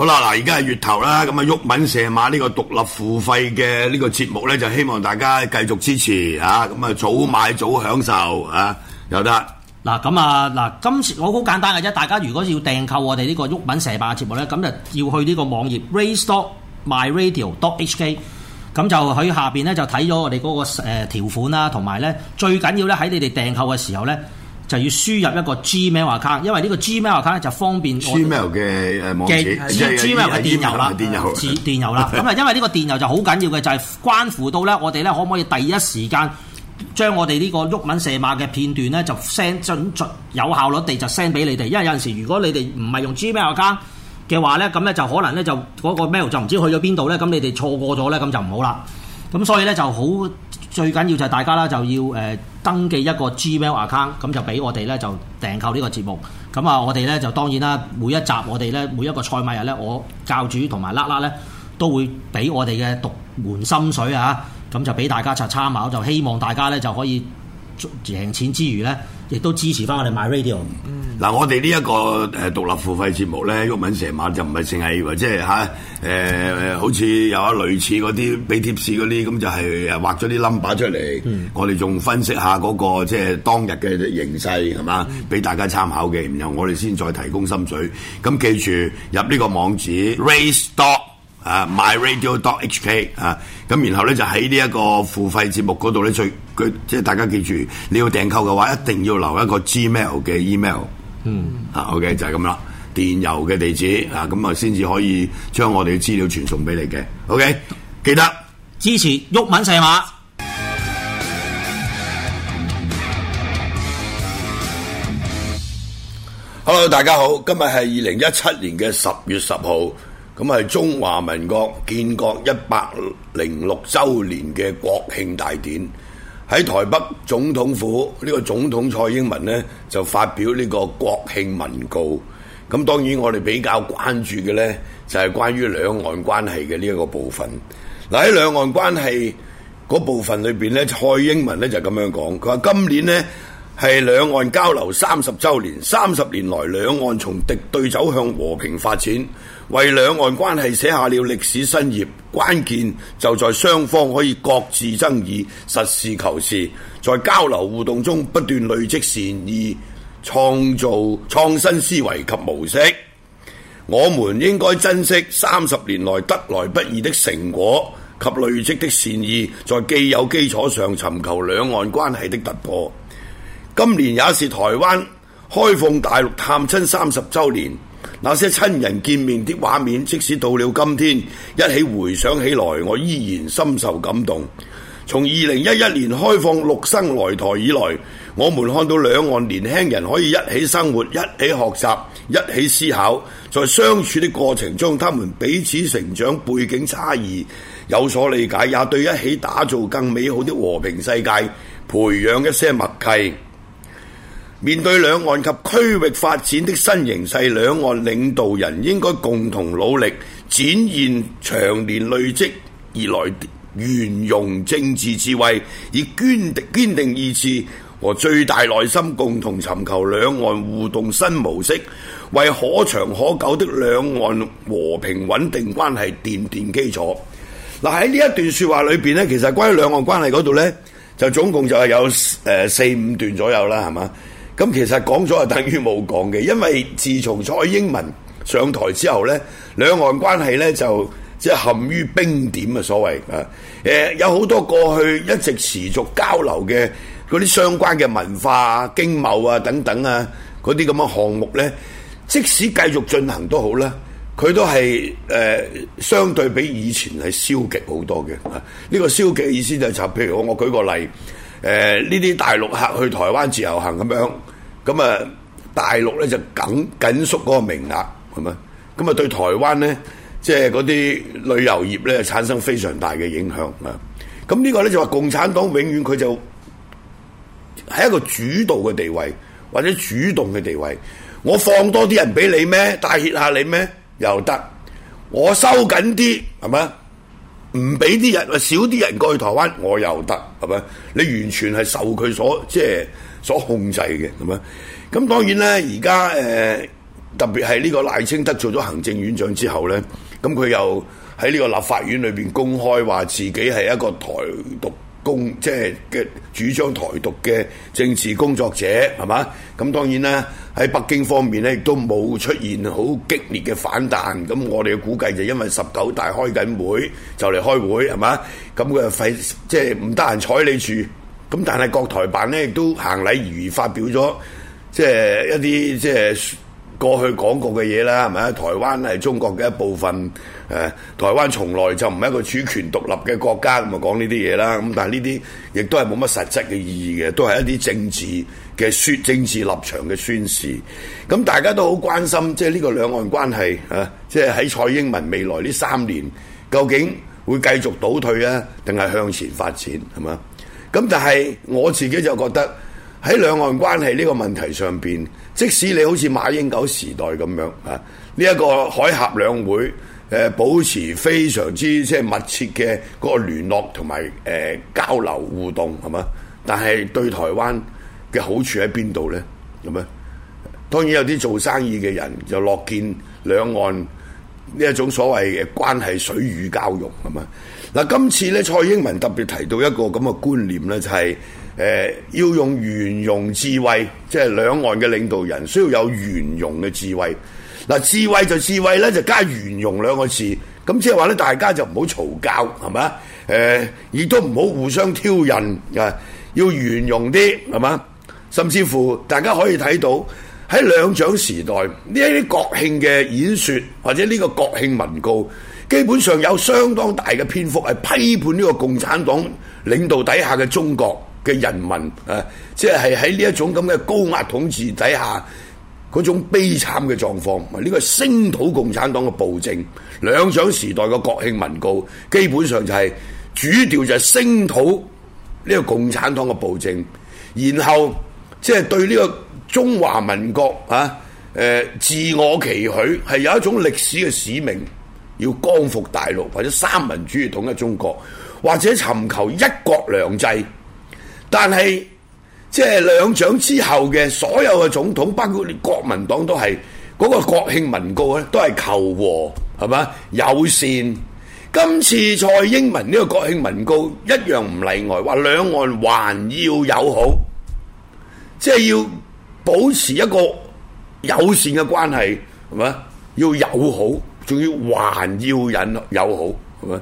好啦，嗱，而家係月頭啦，咁啊，毓民射馬呢個獨立付費嘅呢個節目咧，就希望大家繼續支持嚇，咁啊早買早享受嚇，有、啊、得嗱，咁啊嗱，今次我好簡單嘅啫，大家如果要訂購我哋呢個毓民射馬嘅節目咧，咁就要去呢個網頁 race dot my radio dot hk，咁就喺下邊咧就睇咗我哋嗰、那個誒、呃、條款啦，同埋咧最緊要咧喺你哋訂購嘅時候咧，就要輸入一個 Gmail account，因為呢個 Gmail account 就方便我哋嘅 Gmail 嘅電郵啦，電郵啦。咁啊，因為呢個電郵就好緊要嘅，就係關乎到咧，我哋咧可唔可以第一時間將我哋呢個毓民射馬嘅片段咧，就 send 準準有效率地就 send 俾你哋。因為有陣時如果你哋唔係用 Gmail account 嘅話咧，咁咧就可能咧就嗰個 mail 就唔知去咗邊度咧，咁你哋錯過咗咧，咁就唔好啦。咁所以咧就好。最緊要就係大家啦，就要誒登記一個 Gmail account，咁就俾我哋咧就訂購呢個節目。咁啊，我哋咧就當然啦，每一集我哋咧每一個賽馬日咧，我教主同埋拉拉咧都會俾我哋嘅獨門心水啊，咁就俾大家就參考。就希望大家咧就可以。贏錢之餘咧，亦都支持返我哋 MyRadio。嗱、嗯， 我哋呢一個誒獨立付費節目咧，毓民成晚就唔係淨係或即係嚇誒，好似有一類似嗰啲俾貼士嗰啲，咁就係誒畫咗啲 number 出嚟。嗯、我哋仲分析下嗰、那個即係當日嘅形勢係嘛，俾、嗯、大家參考嘅。然後我哋先再提供心水。咁記住入呢個網址 r a y s t o c 啊，myradio.hk 啊，咁然後咧就喺呢一個付費節目嗰度咧，最佢即係大家記住，你要訂購嘅話，一定要留一個 gmail 嘅 email。嗯，啊，OK 就係咁啦，電郵嘅地址啊，咁啊先至可以將我哋嘅資料傳送俾你嘅。OK，記得支持毓民細馬。Hello，大家好，今日係二零一七年嘅十月十號。咁係中華民國建國一百零六周年嘅國慶大典，喺台北總統府呢個總統蔡英文呢就發表呢個國慶文告。咁當然我哋比較關注嘅呢就係關於兩岸關係嘅呢一個部分。嗱，喺兩岸關係嗰部分裏邊呢，蔡英文呢就咁樣講，佢話今年呢係兩岸交流三十周年，三十年來兩岸從敵對走向和平發展，為兩岸關係寫下了歷史新頁，關鍵就在雙方可以各自爭議、實事求是，在交流互動中不斷累積善意，創造創新思維及模式。我們應該珍惜三十年來得來不易的成果及累積的善意，在既有基礎上尋求兩岸關係的突破。今年也是台灣開放大陸探親三十周年。那些親人見面的畫面，即使到了今天，一起回想起來，我依然深受感動。從二零一一年開放陸生來台以來，我們看到兩岸年輕人可以一起生活、一起學習、一起思考，在相處的過程中，他們彼此成長，背景差異有所理解，也對一起打造更美好的和平世界培養一些默契。面對兩岸及區域發展的新形勢，兩岸領導人應該共同努力，展現長年累積而來的圓融政治智慧，以堅定堅定意志和最大耐心，共同尋求兩岸互動新模式，為可長可久的兩岸和平穩定關係奠定基礎。嗱喺呢一段說話裏邊呢，其實關於兩岸關係嗰度呢，就總共就係有誒四、呃、四、五段左右啦，係嘛？咁其實講咗就等於冇講嘅，因為自從蔡英文上台之後呢，兩岸關係呢就即係陷於冰點啊！所謂啊，誒有好多過去一直持續交流嘅嗰啲相關嘅文化、經貿啊等等啊，嗰啲咁嘅項目呢，即使繼續進行都好啦，佢都係誒相對比以前係消極好多嘅。呢個消極意思就係，譬如我我舉個例。誒，呢啲、呃、大陸客去台灣自由行咁樣，咁啊大陸咧就緊緊縮嗰個名額，係咪？咁啊對台灣咧，即係嗰啲旅遊業咧產生非常大嘅影響啊！咁呢個咧就話、是、共產黨永遠佢就係一個主導嘅地位或者主動嘅地位，我放多啲人俾你咩？帶挈下你咩？又得，我收緊啲係咪？唔俾啲人，啊少啲人過去台灣，我又得，係咪？你完全係受佢所即係所控制嘅，係咪？咁當然咧，而家誒特別係呢個賴清德做咗行政院長之後咧，咁佢又喺呢個立法院裏邊公開話自己係一個台獨。共即係嘅主張台獨嘅政治工作者係嘛？咁當然啦，喺北京方面咧亦都冇出現好激烈嘅反彈。咁我哋估計就因為十九大開緊會就嚟開會係嘛？咁佢就費即係唔得閒睬你住。咁但係國台辦咧亦都行禮如儀發表咗即係一啲即係。過去講過嘅嘢啦，係咪啊？台灣係中國嘅一部分，誒、啊，台灣從來就唔係一個主權獨立嘅國家，咁咪講呢啲嘢啦。咁、嗯、但係呢啲亦都係冇乜實質嘅意義嘅，都係一啲政治嘅説政治立場嘅宣示。咁、嗯、大家都好關心，即係呢個兩岸關係啊，即係喺蔡英文未來呢三年，究竟會繼續倒退啊，定係向前發展係嘛？咁、嗯、但係我自己就覺得。喺兩岸關係呢個問題上邊，即使你好似馬英九時代咁樣啊，呢、這、一個海峽兩會誒、呃、保持非常之即係密切嘅嗰個聯絡同埋誒交流互動係嘛？但係對台灣嘅好處喺邊度呢？咁啊，當然有啲做生意嘅人就樂見兩岸呢一種所謂嘅關係水乳交融係嘛？嗱、啊，今次咧蔡英文特別提到一個咁嘅觀念咧，就係、是。誒、呃，要用圓融智慧，即係兩岸嘅領導人需要有圓融嘅智慧。嗱、呃，智慧就智慧咧，就加圓融兩個字。咁即係話咧，大家就唔好嘈交，係嘛？誒、呃，亦都唔好互相挑釁啊、呃！要圓融啲，係嘛？甚至乎大家可以睇到喺兩蔣時代呢一啲國慶嘅演說，或者呢個國慶文告，基本上有相當大嘅篇幅係批判呢個共產黨領導底下嘅中國嘅人民啊，即係喺呢一種咁嘅高壓統治底下，嗰種悲慘嘅狀況，呢個係聲討共產黨嘅暴政，兩蔣時代嘅國慶文告，基本上就係主調就係聲討呢個共產黨嘅暴政，然後即係對呢個中華民國啊，誒、呃、自我期許，係有一種歷史嘅使命，要光復大陸或者三民主義統一中國，或者尋求一國兩制。但係，即係兩蔣之後嘅所有嘅總統，包括你國民黨都係嗰個國慶文告咧，都係求和，係咪友善。今次蔡英文呢個國慶文告一樣唔例外，話兩岸還要友好，即係要保持一個友善嘅關係，係咪要友好，仲要還要引友好，係咪？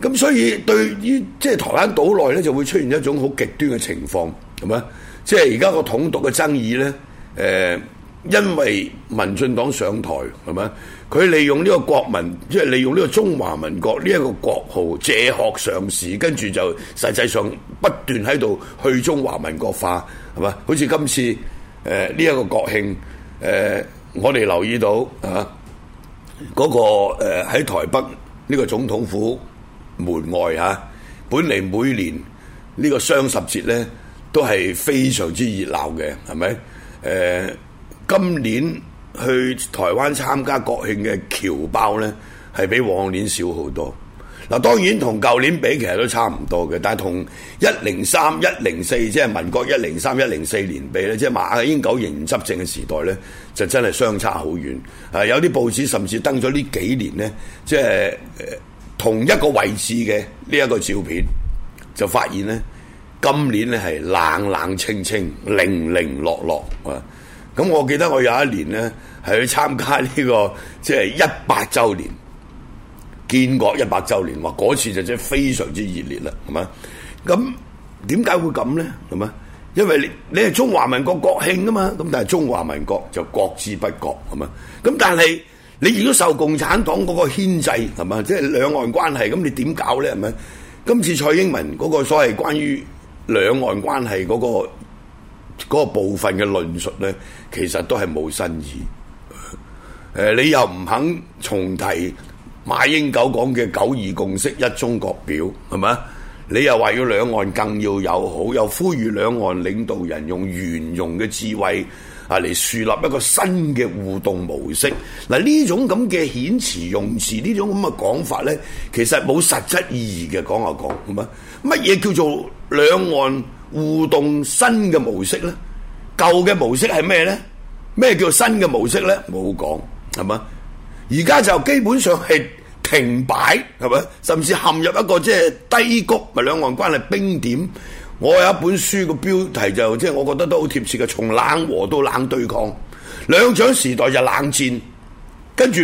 咁所以對於即係台灣島內咧，就會出現一種好極端嘅情況，係嘛？即係而家個統獨嘅爭議咧，誒、呃，因為民進黨上台係嘛？佢利用呢個國民，即係利用呢個中華民國呢一個國號借殼上市，跟住就實際上不斷喺度去中華民國化，係嘛？好似今次誒呢一個國慶，誒、呃、我哋留意到啊，嗰、嗰個喺、呃、台北呢、呢個總統府。門外嚇、啊，本嚟每年呢個雙十節呢都係非常之熱鬧嘅，係咪？誒、呃，今年去台灣參加國慶嘅僑胞呢，係比往年少好多。嗱，當然同舊年比其實都差唔多嘅，但係同一零三、一零四，即係民國一零三、一零四年比咧，即係馬英九仍然執政嘅時代呢，就真係相差好遠。啊，有啲報紙甚至登咗呢幾年呢，即係同一個位置嘅呢一個照片，就發現咧，今年咧係冷冷清清、零零落落啊！咁我記得我有一年咧，係去參加呢、這個即係、就是、一百周年建國一百周年，話嗰次就真係非常之熱烈啦，係嘛？咁點解會咁呢？係嘛？因為你你係中華民國國慶啊嘛，咁但係中華民國就國之不國，係嘛？咁但係。你如果受共產黨嗰個牽制，係嘛？即係兩岸關係，咁你點搞呢？係咪？今次蔡英文嗰個所謂關於兩岸關係嗰、嗰個嗰個部分嘅論述呢，其實都係冇新意。誒、呃，你又唔肯重提馬英九講嘅九二共識一中各表，係咪？你又話要兩岸更要友好，又呼籲兩岸領導人用圓融嘅智慧。啊！嚟樹立一個新嘅互動模式，嗱，呢種咁嘅遣詞用詞，呢種咁嘅講法咧，其實冇實質意義嘅講下講。咁啊乜嘢叫做兩岸互動新嘅模式咧？舊嘅模式係咩咧？咩叫新嘅模式咧？冇講係嘛？而家就基本上係停擺係嘛？甚至陷入一個即係、就是、低谷，咪兩岸關係冰點。我有一本書嘅標題就即係，我覺得都好貼切嘅，從冷和到冷對抗，兩蔣時代就冷戰，跟住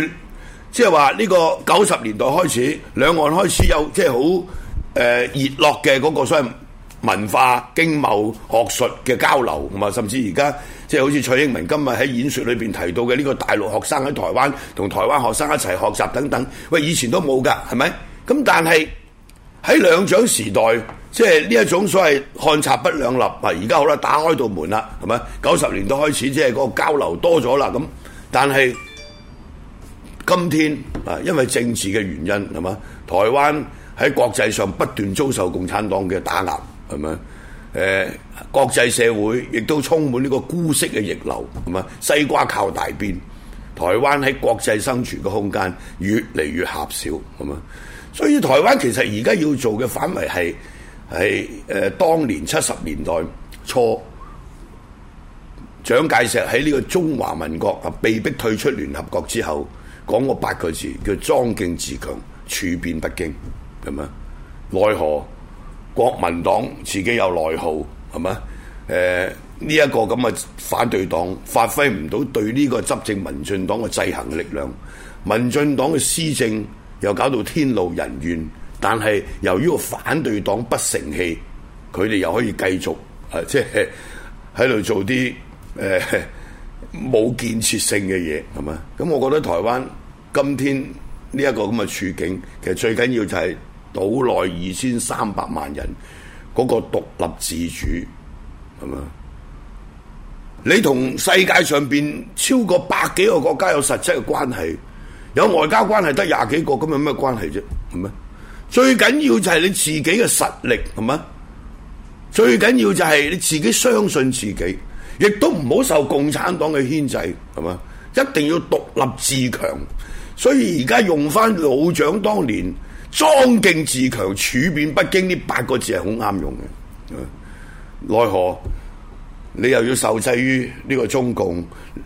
即係話呢個九十年代開始，兩岸開始有即係好誒熱絡嘅嗰個所謂文化、經貿、學術嘅交流，同啊，甚至而家即係好似蔡英文今日喺演說裏邊提到嘅呢個大陸學生喺台灣同台灣學生一齊學習等等，喂，以前都冇㗎，係咪？咁但係喺兩蔣時代。即係呢一種所謂漢賊不兩立啊！而家好啦，打開道門啦，係咪？九十年代開始，即係嗰個交流多咗啦。咁但係今天啊，因為政治嘅原因，係咪？台灣喺國際上不斷遭受共產黨嘅打壓，係咪？誒，國際社會亦都充滿呢個姑息嘅逆流，係咪？西瓜靠大邊？台灣喺國際生存嘅空間越嚟越狹小，係咪？所以台灣其實而家要做嘅範圍係。係誒、呃，當年七十年代初，蔣介石喺呢個中華民國啊，被逼退出聯合國之後，講過八個字，叫莊敬自強，處變不驚，係咪？奈何國民黨自己有內耗，係咪？誒，呢一個咁嘅反對黨發揮唔到對呢個執政民進黨嘅制衡嘅力量，民進黨嘅施政又搞到天怒人怨。但係由於個反對黨不成器，佢哋又可以繼續誒，即係喺度做啲誒冇建設性嘅嘢，係咪？咁我覺得台灣今天呢一個咁嘅處境，其實最緊要就係島內二千三百萬人嗰、那個獨立自主，係咪？你同世界上邊超過百幾個國家有實質嘅關係，有外交關係得廿幾個，咁有咩關係啫？係咪？最緊要就係你自己嘅實力，係嘛？最緊要就係你自己相信自己，亦都唔好受共產黨嘅牽制，係嘛？一定要獨立自強。所以而家用翻老蔣當年莊敬自強處變不驚呢八個字係好啱用嘅。奈何，你又要受制於呢個中共，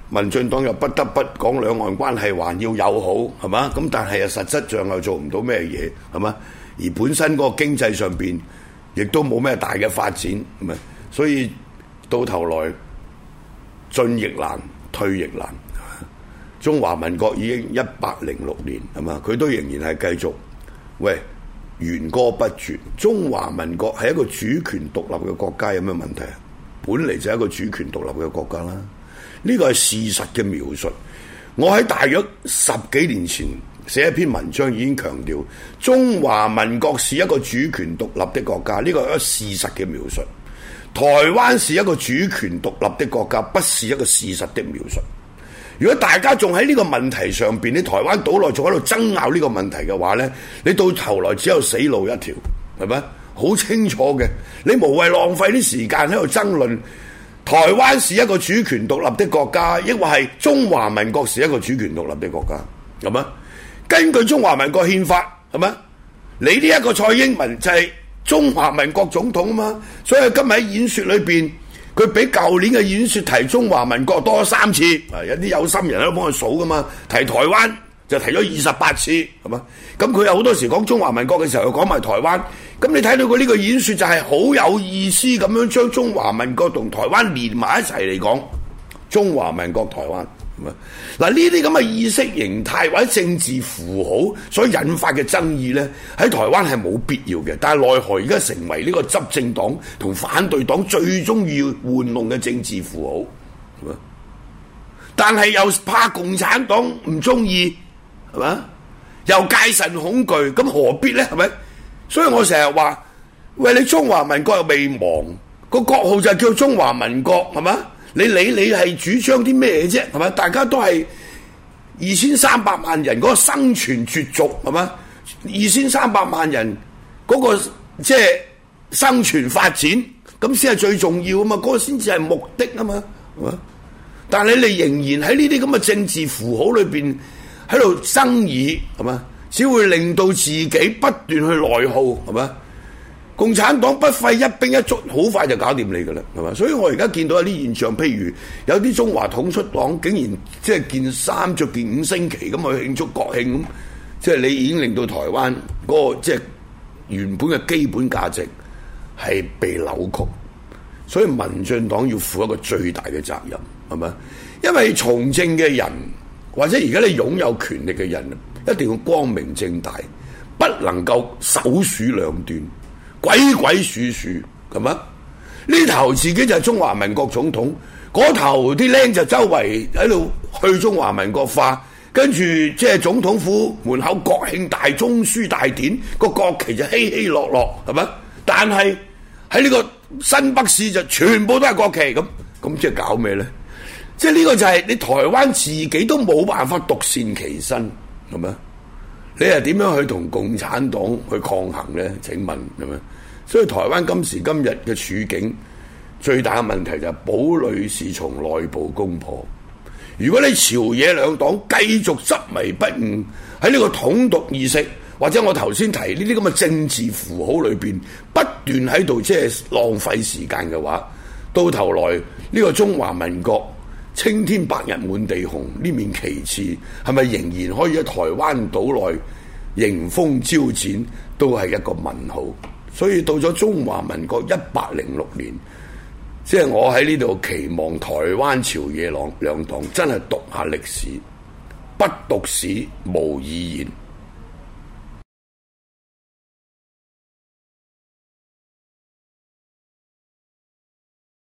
民進黨又不得不講兩岸關係還要友好，係嘛？咁但係又實質上又做唔到咩嘢，係嘛？而本身嗰個經濟上面亦都冇咩大嘅發展，係咪？所以到頭來進亦難退亦難。中華民國已經一百零六年，係嘛？佢都仍然係繼續喂源歌不絕。中華民國係一個主權獨立嘅國家，有咩問題啊？本嚟就係一個主權獨立嘅國家啦，呢個係事實嘅描述。我喺大約十幾年前寫一篇文章已經強調，中華民國是一個主權獨立的國家，呢個係一個事實嘅描述。台灣是一個主權獨立的國家，不是一個事實的描述。如果大家仲喺呢個問題上邊，你台灣島內仲喺度爭拗呢個問題嘅話呢，你到頭來只有死路一條，係咪？好清楚嘅，你無謂浪費啲時間喺度爭論。台灣是一個主權獨立的國家，抑或係中華民國是一個主權獨立的國家，係嘛？根據中華民國憲法，係嘛？你呢一個蔡英文就係中華民國總統啊嘛，所以今日喺演說裏邊，佢比舊年嘅演說提中華民國多咗三次啊！有啲有心人喺度幫佢數㗎嘛，提台灣。就提咗二十八次，係嘛？咁佢有好多時講中華民國嘅時候，又講埋台灣。咁你睇到佢呢個演說就係好有意思咁樣將中華民國同台灣連埋一齊嚟講，中華民國台灣。咁啊，嗱呢啲咁嘅意識形態或者政治符號，所引發嘅爭議呢，喺台灣係冇必要嘅。但係奈何而家成為呢個執政黨同反對黨最中意玩弄嘅政治符號，但係又怕共產黨唔中意。係嘛？又戒慎恐懼，咁何必咧？係咪？所以我成日話：喂，你中華民國又未亡，個國號就係叫中華民國，係嘛？你理你係主張啲咩啫？係嘛？大家都係二千三百萬人嗰個生存絕續，係嘛？二千三百萬人嗰個即係生存發展，咁先係最重要啊嘛！嗰個先至係目的啊嘛，係嘛？但係你仍然喺呢啲咁嘅政治符號裏邊。喺度爭議，係咪？只會令到自己不斷去內耗，係咪？共產黨不費一兵一卒，好快就搞掂你㗎喇，係嘛？所以我而家見到有啲現象，譬如有啲中華統一黨竟然即係件衫著件五星旗咁去慶祝國慶咁，即係你已經令到台灣個即係原本嘅基本價值係被扭曲，所以民進黨要負一個最大嘅責任，係咪？因為從政嘅人。或者而家你擁有權力嘅人，一定要光明正大，不能夠首鼠兩端，鬼鬼祟祟。咁啊！呢頭自己就係中華民國總統，嗰頭啲僆就周圍喺度去中華民國化，跟住即係總統府門口國慶大中樞大典，個國旗就稀稀落落，係咪？但係喺呢個新北市就全部都係國旗，咁咁即係搞咩咧？即係呢個就係你台灣自己都冇辦法獨善其身，咁啊？你係點樣去同共產黨去抗衡呢？請問咁啊？所以台灣今時今日嘅處境最大嘅問題就係堡壘是從內部攻破。如果你朝野兩黨繼續執迷不悟喺呢個統獨意識或者我頭先提呢啲咁嘅政治符號裏邊不斷喺度即係浪費時間嘅話，到頭來呢個中華民國，青天白日滿地紅呢面旗幟係咪仍然可以喺台灣島內迎風招展，都係一個問號。所以到咗中華民國一百零六年，即係我喺呢度期望台灣朝野兩黨，真係讀下歷史，不讀史無以言。